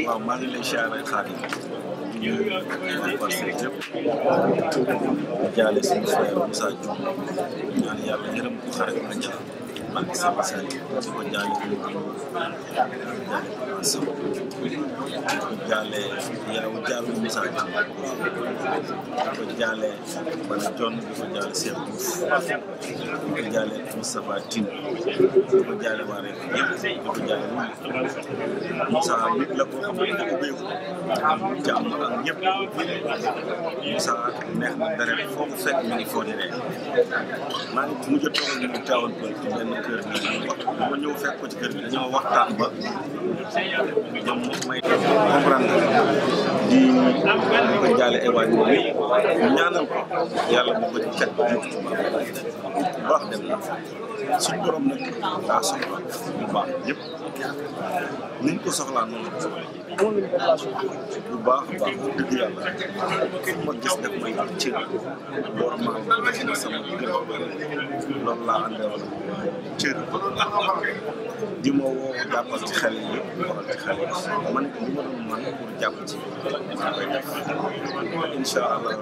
waaw maa ngi lay siyaare xaaral ñu ngi passé yëpp jaale suñu frère Moussa Diouf ñaan yàlla yërëm ko xare ko àjjana maa ngi sama saal di ko jaale jaale yow jaale Moussa di ko jaale Bala John di ko jaale Cheikh Diouf di ko jaale Moustapha ko jaale waa Réew yëpp di ko jaale Moussa ne dafa béy ko jàmm ak a kër gi bu ñëw fekk ko ci kër gi dañoo waxtaan ba ñoom may comprendre di ko jaale ay waajur bi ñaanal ko yàlla bu ko ci cat bu baax dem na suñu borom nag daa soxla bu baax yëpp ni ñu ko noonu la ko soxlaa bu baax baax dëgg yàlla fu ma gis def may ci boor ma ci na sama loolu laa àndee wala cër di ma woo jàppal ci xel yi waxal ci xel yi man li ma doon man pour jàpp ci incha allah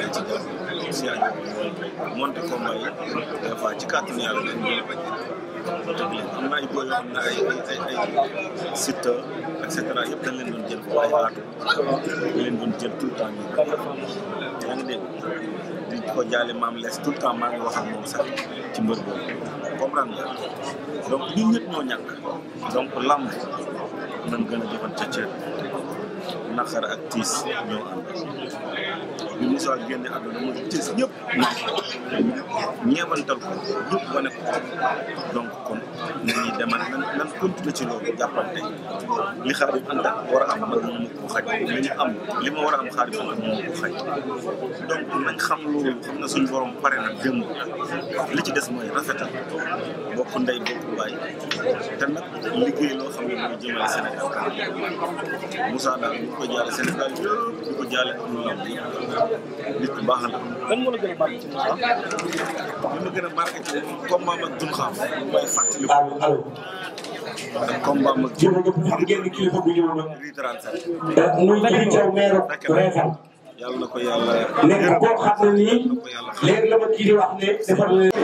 incha spécial bi monté combat yi des fois ci kàttanu yàlla dañ doon leen am na ay booy yoo yëpp dañ leen doon jël tout le temps ñu yaa ko jaale maam lees tout le temps maa ngi wax ak moom sax ci mbër boobu comprendre nga donc ñun ñëpp ñoo ñàkk donc lamb nañ gën a jëfante cër naqar ak tiis ñoo ànd bi Moussa génne a mu tiis ñëpp ñëpp ñeewantal ko ñëpp wane ko donc kon nañuy demal nan continuer ci loolu jàppante li xaarib anta war a am man moom ko xaj li ñu am li ma war a am xaarib anta a ko xaj donc nañ xam loolu xam na suñu borom pare na démb li ci des mooy rafetal bokk ndey bokk baay te nag liggéey loo xam ne mooy jëmale Sénégal kanam daal ñu ko jaale Sénégal yëpp ñu ko jaale am lam nit ku baax la lan moo la gën a barke ci Moussa li ma gën a barke ci ak combat ma xam ngeen kilifa bu ñëw nag. muy Jibi Thiaw maire Réfane. yàlla na ko yàlla. nekk koo xam ne nii léegi la ma kii di wax ne defar la leen.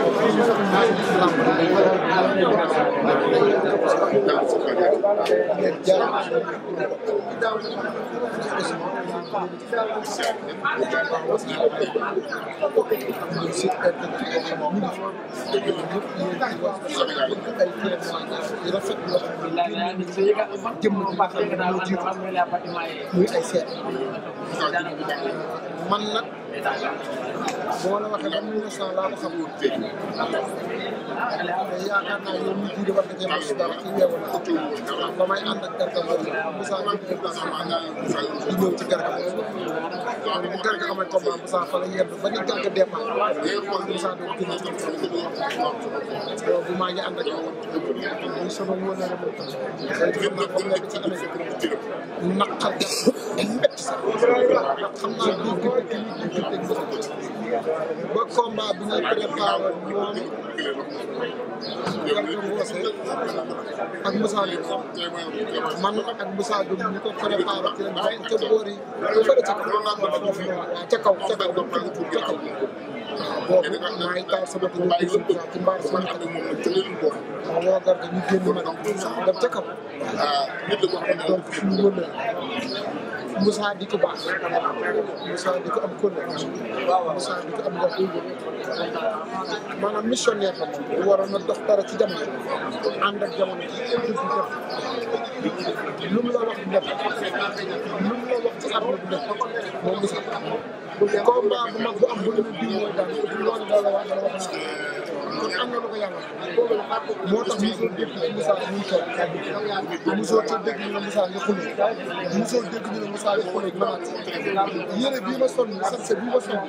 man nag bu ma la waxee ba mille neuf cent laa ko xam woon mais yaakaar naa yow mii tuuti war nga cee mos dara ci weewu na ba may ànd ak garga boobu Moussa di ñëw ci garga bu garga amee combat Moussa fa la yedd ba ñu garga départ Moussa doon gën a bu maa ngi ànd ak muy sama wóor na rek naqar xam naa bii gën a gën a gën ba combat bi ñuy préparé moom Garga Mbossé ak Moussa Diouf man ak Moussa Diouf ñu ko préparé ci leen ba ca boor yi fële ca kaw ca kaw ca kaw boobu maa ngi taal sama kër yi ci mbaar sama kër yi ma woo Garga ñu génn ma dem ca kaw ah, donc suñu wënde Moussa di ko baax Moussa di ko am kóllëre Moussa gox maanaam missionnaire la moom dox dara ci jamono ànd ak jamono ji mu la wax def lu mu la mag bu am bu ñu daal loolu daal la wax dana wax kon am na lu ko yàlla moo tax mosoo dégg ñu ne Moussa muy toog kàddu gi mosoo dégg ñu ne Moussa nga xulóo mosoo dégg ñu ne Moussa nga xulóo damaat yére bii ma sonn sax bii ma sonn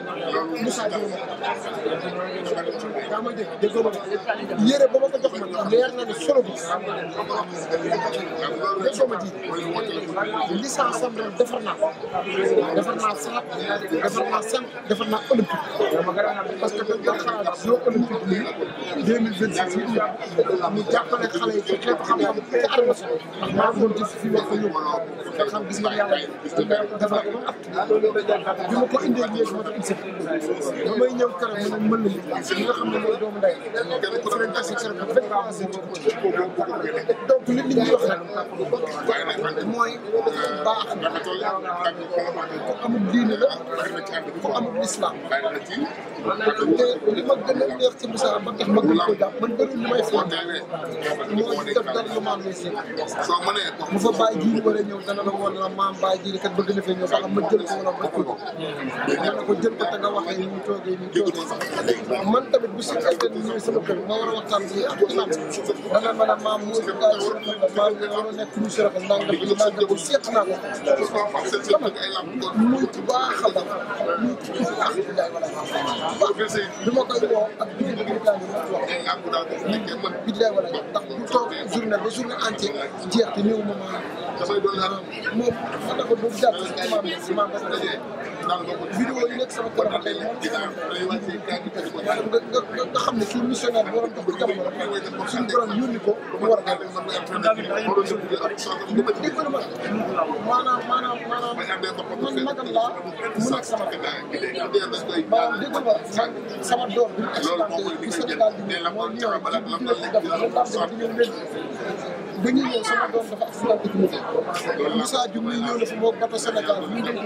Moussa jox ma daa ma dégg déggoo ma yére ba ma ko jox ma leer na ne solo bi déggoo ma ji licence am ren defar naa defar naa saab defar naa sànq defar naa olympique parce que dañ doon xalaat zéro olympique nii deux mille vingt six ñu jàppale xale yi ci xeetu xam-xam ci àll ba sax ndax maa ngi doon gis fii wax dëgg yàlla xam gis nga yàlla dafa am at bi ma ko indee ñëwee moo tax ñu seet damay ñëw keroog mën na mën na li nga xam ne mooy doomu ndey avancé ci ci ko donc li li ñuy wax nag mooy baax na ku amul diine la ku amul islam te li ma gën a neex ci Moussa ba tax ma gën ko jàpp man bëri li may fàtte moo def dara lu ma am si mu fa bàyyi jiir wala ñëw dana la woon la maam bàyyi jiir kat bëgg na fee ñëw sax ma jël ko wala ma ko ko dana ko jël ko te nga waxee ñu toogee ñu toogee man tamit bu si ay sama kër ma war a waxtaan si ak islam danaan mën a maam mu maam nga war a nekk lu si rafet nangam bi nangam bi seet naa ko xam nga muy bu baax a la muy bu baax bi ma koy woo ak bi nga gën a wax bi ndax bu toog journée ba journée entière jeex te néew ma dafay doon naan moom ma ne ko bu jàpp si maam bi si maam dafa dajee vidéo yi nekk sama kër tey nga xam ne suñu missionnaire bi waroon dox ba jamono suñu borom yónni ko mu war a def maanaam maanaam maanaam man magam laa mu nekk sama maanaam dégg nga sama doom bi accidenté bi Sénégal bi mooy ñëw moom ñu def dafa daan def di leen ba ñuy ñëw sama doom dafa accident dëkk mu fi Moussa Dioum ñu ñëw na fi moom bato Sénégal ñu ngi yaa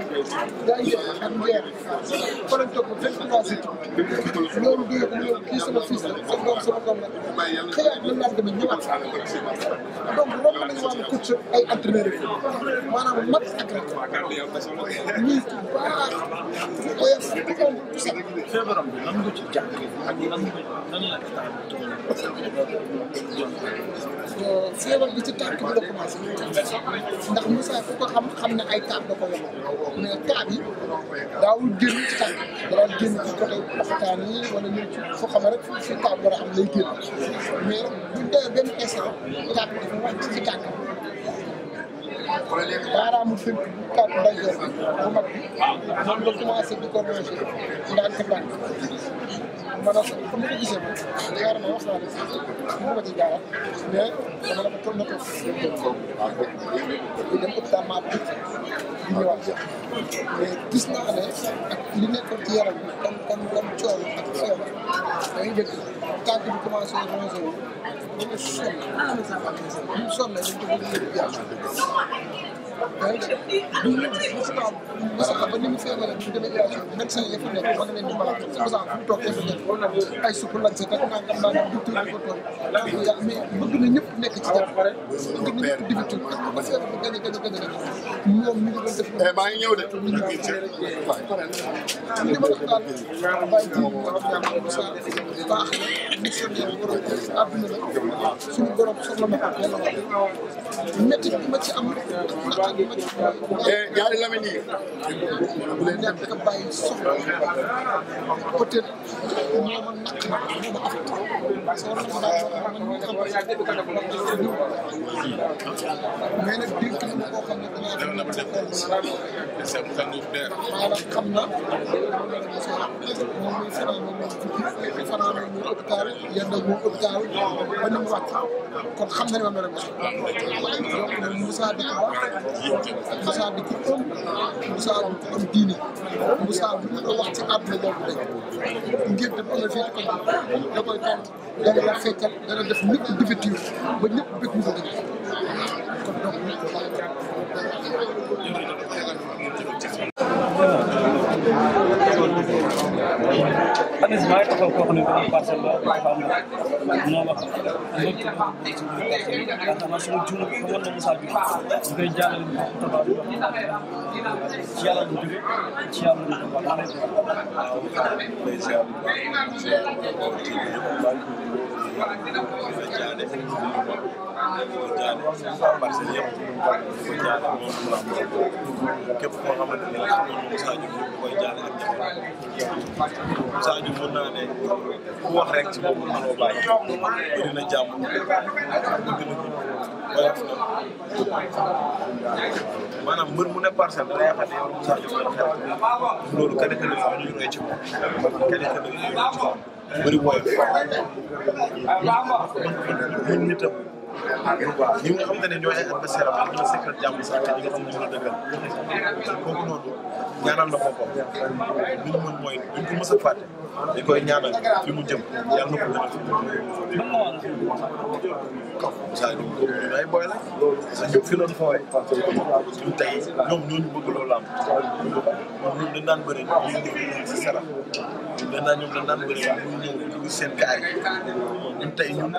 ngi ak ngeer fa lañ toog vingt trois jours loolu doyoo ko loolu kii sama fils la sama doom sama doom la xëyaat na laaj dama ñëwaat donc romb nañu wàllu coach ay entraîneur yi maanaam mat ak rek ñuy ku baax ku oyof ku omb ku set feebaram bi lan nga ci jàng ak lan nan la état sabab bi ndax Moussa ku ko xam xam ne ay taab da ko yoroon mais taab yi daawul génn ci taab da génn ci côté waxtaan yi wala ñu foo xam rek fi taab war am lay génn mais bu dee benn instant taab bi dafa wàcc ci tànk baaraamu fekk bu taab ndajoor bi bu mag bi moom la commencé di ko rongé ndànk ndànk maanaam comme ni ko gisee moom yaakaar naa wax naa ne mu bëgg a ci jaaraat mais dama la ko toll na ko. dem hôpital maa tudd di ñëwaat mais gis naa ne ak li nekkoon ci yaram bi comme comme comme coono ak coono dañuy jëkk tànk bi commencé rongé wu ba mu sonn ba mu sonn dañ ko bëgg a sax ba ni mu feebaree bu demee émission bi médecin yi fa nekk ba nga leen di balaa su ma sax fu mu toog ay suuf lañ set ak nangam nangam docteur yi ko toog yàlla mais bëgg na ñëpp nekk ci jàpp ngir nekk di fi tuuti ba si yàlla gën a gën a gën a moom mi ngi doon def. Eh, maa ngi ñëw de. li ma doon daal bàyyi ji war a jàpp bu saa baax na nit seen yàlla borom àdduna la suñu borom soxla na ko yàlla war métti bi ma ci am ak bi ma ci am. Eh, ñaari lamine yi. ñàkk a bàyyi soxla peut-être moo ma naq ma moo ma affecté. parce que war na ko daal man ñu xam mais nag biir kii la boo xam ne dana na ba def te seen tàngoor deer maanaam xam na moom mooy fanaan moom fanaan mu hôpital yàlla mu hôpital ba ni mu wàcc kon xam na ne moom la rek donc Moussa di ko wax Moussa di ko ëm Moussa di ko am diine Moussa bu ñu ko wax ci àdduna boobu rek ngir def am na fii ci ko da koy tontu dana la fekkal dana def nit di ba ñëpp bëgg mu sa dëkk gis maa ngi taxaw koo xam ne benn parcelle la dafa am noo wax lépp lu suma juum xamoon na Moussa Diouf ñu koy jàllale mu tabax ci yàlla lu jóge ci yàlla lu jóge waaw waaw di ko jaale parce que yëpp di ko jaale moom la képp koo xamante ne xam nga ku wax rek ci moom mënoo bàyyi bëri na jàmm bëgg ko woyof na ne parcelle da ngay xam ne yow Moussa Diouf la xel loolu kenn kenn ñu ngi ci moom kenn kenn ñu ngi ci moom waaw ñi nga xamante ne ñooy ay adversaire am ñu sekkal jàmm sax ñi nga xam ne ñoo dëggal kooku noonu ñaanal na ko ko li ñu mën mooy duñ ko mës a fàtte dañ koy ñaanal fi mu jëm yàlla na ko gënal fi mu kaw Moussa Diouf boobu ñun ay booy la Moussa Diouf fi doon fooy ñun tey ñoom ñooñu bëgg loolu am moom ñun dañ daan bëri ñu ngi si sara ñun dañ daan ñoom dañ daan bëri ñu ñëw dugg seen kaar yi ñun tey ñun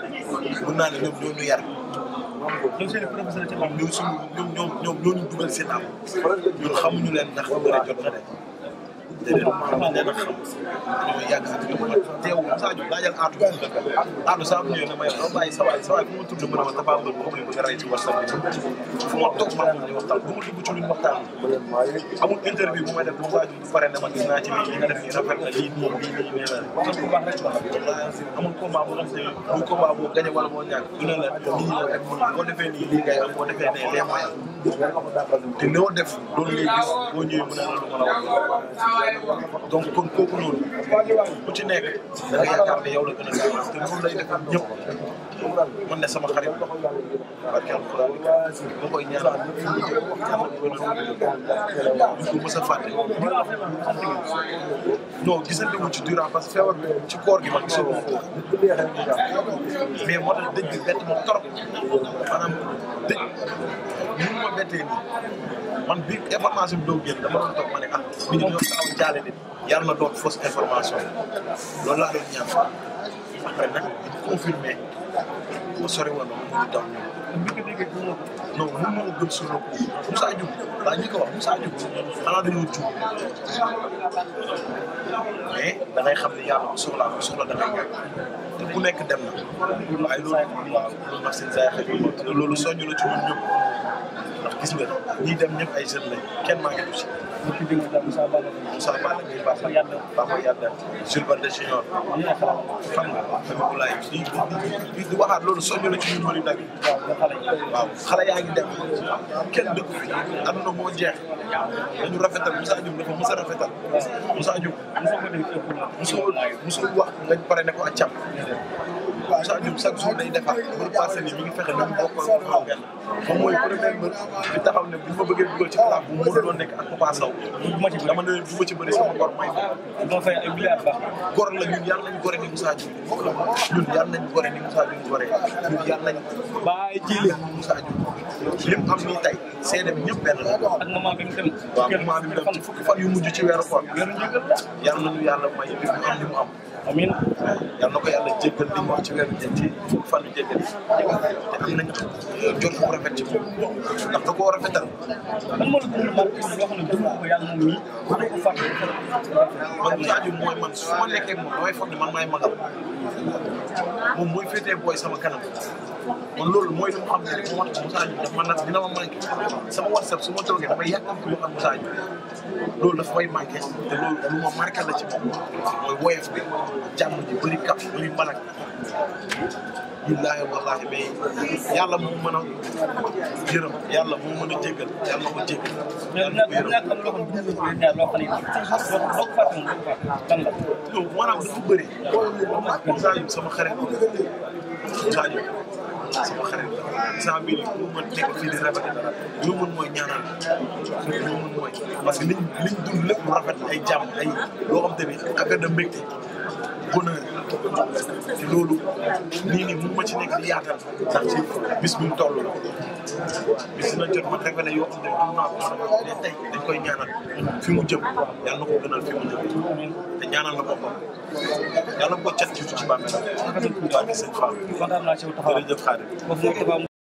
mën naa ne ñoom ñoo ñu yar ñoom seen professeur ci ñoom ñoo suñu ñoom ñoom ñoom ñoo ñu dugal seen am ñun xamuñu leen ndax bëri jot na de te leen maanaam nee na xam dañoo yàgg si dina ko mën teewul Sadio laajal aatu aatu saa bu ñëwee ne ma yow bàyyi sa waay sa waay bu ma tudd ma ne ma Tapha Mbeur boobu nga rey ci WhatsApp bi fu ma toog ma moom ñu waxtaan bu ma dugg ci luñ waxtaan amul interview bu may def ba Sadio bu pare ne ma gis naa ci lii li nga def nii rafet na lii nii lii nii nee na kon bu baax rek amul combat bu am te du combat boo gañe wala boo ñàkk du ne la nii la rek boo defee nii lii ngay am boo defee nee lee mayal te loo def doon ngay gis boo ma ne a gaaw te noonu lay sama xarit ma koy ñaanal fi a fàtte non gisante wu ci durant parce que feebar bi ci koor gi man gisoo ko moo tax dëj bi bett ma trop maanaam ba tey nii man bi information bi doo génn dama doon toog ma ne ah. nit ñi ñoo taxaw jaale nit yar na doon fausse information loolu laa doon ñaan après nag confirmé ma sori woon ma mujj daw ñëw. non mën na ko gëm sur le coup Moussa Diouf daa ñu ko wax Moussa Diouf xanaa dañoo tuub mais da ngay xam ne yàlla bu soxlaa bu soxla da ngay ñàkk te ku nekk dem na waaye loolu waaw loolu nag seen saa yi xëy loolu soññu la ci ñun ñëpp gis nga ñiy dem ñëpp ay jeunes lañ kenn maa ngi dugg si. depuis bi nga dem Moussa Balla. Moussa Balla ngay baax a yàlla baax a yàlla. Jules Balde Junior. xam nga Abdoulaye di di di waxaat loolu soññu la ci ñun mënu ndaw yi. waaw xale yaa ngi dem kenn dëkk fi àdduna moo jeex dañu rafetal Moussa Diouf dafa mos a rafetal. Moussa Diouf mosoo mosoo wax nga pare ne ko a càmm. Sadio chaque jour day defar bu passé ni mi ngi fexe ñoom bokkul xaw benn moom mooy premier mbër bi taxaw ne bu ma bëggee dugal ci xalaat bu mu doon nekk ak Papa Sow bu ma ci dama ne bu ma ci bëri sama gor may do fay ay milliards baax gor la ñun yàlla nañ gore ni Moussa Diouf ñun yàlla nañ gore ni Moussa Diouf gore ñun yàlla nañ bàyyi ci li Moussa Diouf lim am nii tey seede bi ñëpp benn la ak moment bi mu dem waaw moment bi mu dem ci fukki fan yu mujj ci weeru koor yàlla nañu yàlla may li mu am li mu am amin yal na ko yàlla jéggal li mu ci weer bi te am nañu jot bu rafet ci moom ndax da koo rafetal. lan moo la a ko yàlla moom mii man ko fàtte. man Sadio mooy man ne man maay magam moom mooy féetee booy sama kanam man loolu mooy li mu xam ne rek moo sama whatsapp su ma toogee damay yàkkam ci lu loolu dafa may manqué la ci moom mooy woyof bi jàmm ji bëri kap bëri mbalak billaahi wallaahi mais yàlla moo mën a yërëm yàlla moo mën a jéggal yàlla moo jéggal. yàlla moo yërëm mais loo xam ne loo sama xarit Sadio sama saa mbir yi mooy ñaanal lu mooy parce que liñ liñ dund lépp mu rafet ay jàmm ay loo xam te ni affaire de mbégte bonheur te loolu nii nii mun nekk di yaatal bis bi mu la bis dina jot ma révélé yoo xam ne dund naa ko ne tey dañ fi mu jëm yàlla na ko gënal fi mu jëm te ñaanal la boppam yàlla na ko cat ci ci bàmmeel waaw sëñ Fall jërëjëf